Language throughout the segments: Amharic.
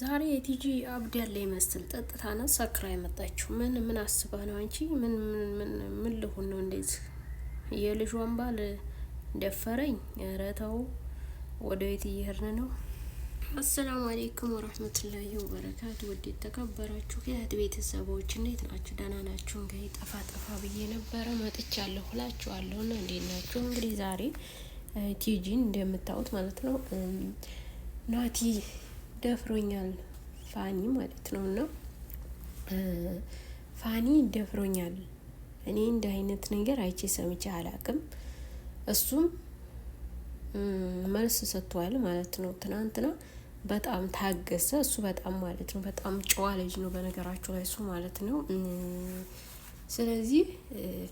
ዛሬ የቲጂ አብድ ያለ ይመስል ጠጥታ ነው ሰክራ የመጣችው። ምን ምን አስባ ነው አንቺ? ምን ምን ምን ምን ልሁን ነው እንደዚህ? የልጇን ባል ደፈረኝ። ኧረ ተው፣ ወደ ቤት እየሄድን ነው። አሰላሙ አሌይኩም ወረህመቱላሂ ወበረካቱ። ውድ የተከበራችሁ የእህት ቤተሰቦች እንዴት ናችሁ? ደህና ናችሁ? እንግዲህ ጠፋ ጠፋ ብዬ ነበረ መጥቻለሁ እላችኋለሁ። እና እንዴት ናችሁ? እንግዲህ ዛሬ ቲጂን እንደምታዩት ማለት ነው ናቲ ደፍሮኛል ፋኒ ማለት ነው። እና ፋኒ ደፍሮኛል እኔ እንደ አይነት ነገር አይቼ ሰምቼ አላቅም። እሱም መልስ ሰጥቷል ማለት ነው። ትናንትና በጣም ታገሰ እሱ በጣም ማለት ነው። በጣም ጨዋ ልጅ ነው በነገራቸው ላይ እሱ ማለት ነው። ስለዚህ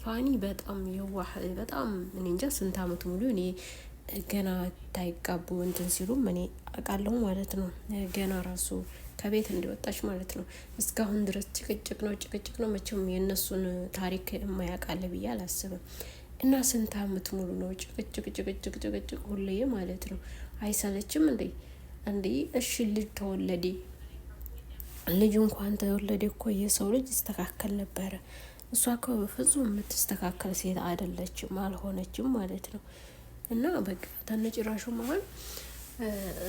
ፋኒ በጣም የዋህ በጣም እኔ እንጃ ስንት አመቱ ሙሉ እኔ ገና ታይጋቡ እንትን ሲሉ እኔ አውቃለሁ ማለት ነው። ገና ራሱ ከቤት እንደወጣች ማለት ነው። እስካሁን ድረስ ጭቅጭቅ ነው ጭቅጭቅ ነው። መቼም የእነሱን ታሪክ የማያውቃለ ብዬ አላስብም። እና ስንት አመት ሙሉ ነው ጭቅጭቅ ጭቅጭቅ ጭቅጭቅ ሁሌ ማለት ነው። አይሰለችም እንዴ? እንዴ እሺ ልጅ ተወለዴ ልጅ እንኳን ተወለደ እኮ የሰው ልጅ ይስተካከል ነበረ። እሷ እኮ በፍጹም የምትስተካከል ሴት አይደለችም፣ አልሆነችም ማለት ነው። እና በቃ ከነጭራሹ መሆን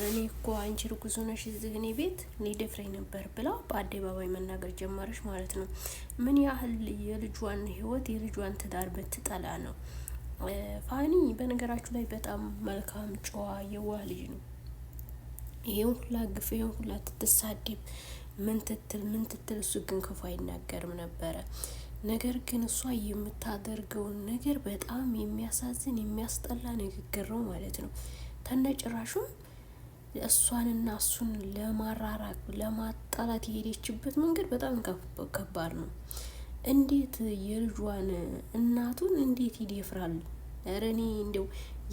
እኔ እኮ አንቺ ርጉዝ ሆነሽ እዚህ እኔ ቤት ሊደፍረኝ ነበር ብላ በአደባባይ መናገር ጀመረች ማለት ነው። ምን ያህል የልጇን ህይወት የልጇን ትዳር ብትጠላ ነው። ፋኒ በነገራችሁ ላይ በጣም መልካም፣ ጨዋ፣ የዋህ ልጅ ነው። ይሄን ሁላ ግፍ ይሄን ሁላ ትትሳደብ ምን ትትል ምን ትትል እሱ ግን ክፉ አይናገርም ነበረ። ነገር ግን እሷ የምታደርገውን ነገር በጣም የሚያሳዝን የሚያስጠላ ንግግር ነው ማለት ነው። ተነጭራሹም እሷንና እሱን ለማራራቅ ለማጣላት የሄደችበት መንገድ በጣም ከባድ ነው። እንዴት የልጇን እናቱን እንዴት ይደፍራል? ኧረ እኔ እንደው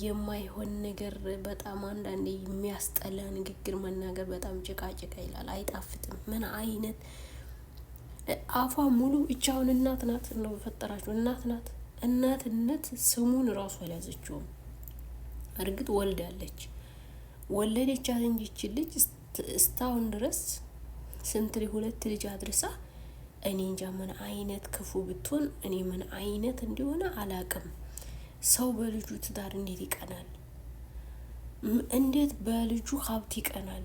የማይሆን ነገር በጣም አንዳንዴ የሚያስጠላ ንግግር መናገር በጣም ጭቃጭቃ ይላል፣ አይጣፍጥም። ምን አይነት አፏ ሙሉ እቻውን እናት ናት ነው በፈጠራችሁ እናት ናት። እናትነት ስሙን ራሱ አልያዘችውም። እርግጥ ወልዳለች ወለደቻት እንጂ ይች ልጅ እስካሁን ድረስ ስንት ሁለት ልጅ አድርሳ እኔ እንጃ ምን አይነት ክፉ ብትሆን እኔ ምን አይነት እንዲሆነ አላቅም። ሰው በልጁ ትዳር እንዴት ይቀናል? እንዴት በልጁ ሀብት ይቀናል?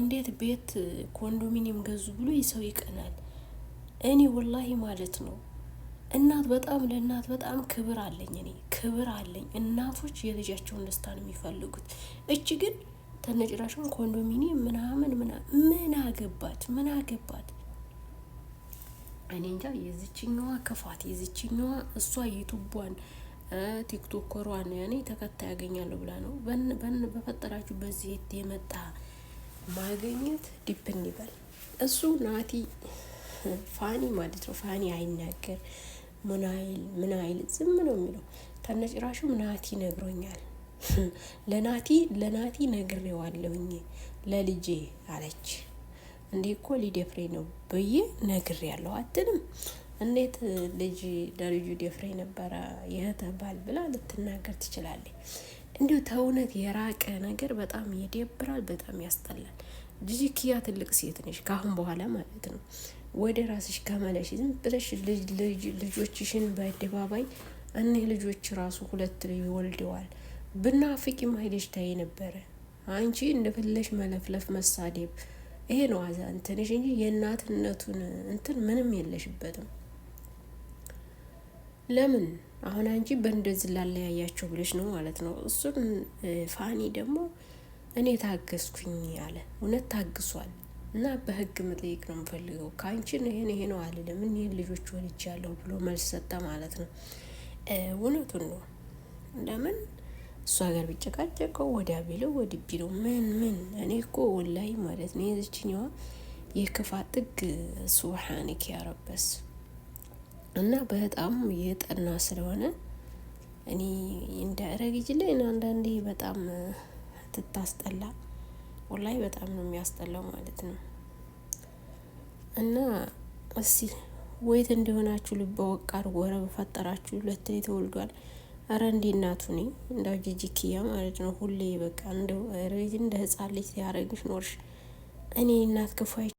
እንዴት ቤት ኮንዶሚኒየም ገዙ ብሎ ይሰው ይቀናል? እኔ ወላሂ ማለት ነው እናት በጣም ለእናት በጣም ክብር አለኝ። እኔ ክብር አለኝ። እናቶች የልጃቸውን ደስታ ነው የሚፈልጉት። እች ግን ተነጭራሽን ኮንዶሚኒየም ምናምን ምን አገባት ምን አገባት? እኔ እንጃ። የዝችኛዋ ክፋት የዝችኛዋ እሷ ዩቱቧን ቲክቶከሯን ያኔ ተከታይ ያገኛለሁ ብላ ነው። በን በፈጠራችሁ በዚህ የመጣ ማገኘት ዲፕን ይበል እሱ ናቲ ፋኒ ማለት ነው። ፋኒ አይናገር ምን አይል ምን አይል ዝም ነው የሚለው። ተነጭራሹም ናቲ ነግሮኛል። ለናቲ ለናቲ ነግሬዋለሁኝ ለልጄ አለች። እንዴ እኮ ሊደፍሬ ነው ብዬ ነግሬያለሁ አትልም። እንዴት ልጅ ለልጁ ደፍሬ ነበረ የተባል ብላ ልትናገር ትችላለች? እንዲሁ ተእውነት የራቀ ነገር በጣም ይደብራል፣ በጣም ያስጠላል። ልጅ ኪያ ትልቅ ሴት ነች፣ ከአሁን በኋላ ማለት ነው ወደ ራስሽ ከመለሽ ዝም ብለሽ ልጆችሽን በአደባባይ እኒህ ልጆች ራሱ ሁለት ልጅ ወልደዋል ብናፍቂም ሄደሽ ታይ ነበረ። አንቺ እንደፈለሽ መለፍለፍ፣ መሳደብ ይሄ ነው አዛ እንትንሽ እንጂ የእናትነቱን እንትን ምንም የለሽበትም። ለምን አሁን አንቺ በእንደዚህ ላለያያቸው ብለሽ ነው ማለት ነው። እሱን ፋኒ ደግሞ እኔ ታገስኩኝ አለ። እውነት ታግሷል። እና በህግ መጠየቅ ነው የምፈልገው። ከአንቺን ይሄን ይሄ ነው አልልም፣ እኒህን ልጆች ወልጃለሁ ብሎ መልስ ሰጠ ማለት ነው። እውነቱን ነው። ለምን እሱ ሀገር ቢጨቃጨቀው ወዲያ ቢለው ወድቢ ቢለው ምን ምን እኔ እኮ ወላይ ማለት ነው የዝችኛዋ የክፋት ጥግ ሱብሓኒክ ያረበስ እና በጣም የጠና ስለሆነ እኔ እንደ ረግጅ ላይ አንዳንዴ በጣም ትታስጠላ ላይ በጣም ነው የሚያስጠላው ማለት ነው። እና እስቲ ወይት እንደሆናችሁ ልበ ወቃር ወረ በፈጠራችሁ ሁለት ተወልዷል። አረ እንዴ እናቱ ኔ እንዳው ጂጂኪያ ማለት ነው። ሁሌ በቃ እንደው እንደ ህጻን ልጅ ሲያደርግሽ ኖርሽ እኔ እናት ክፋይ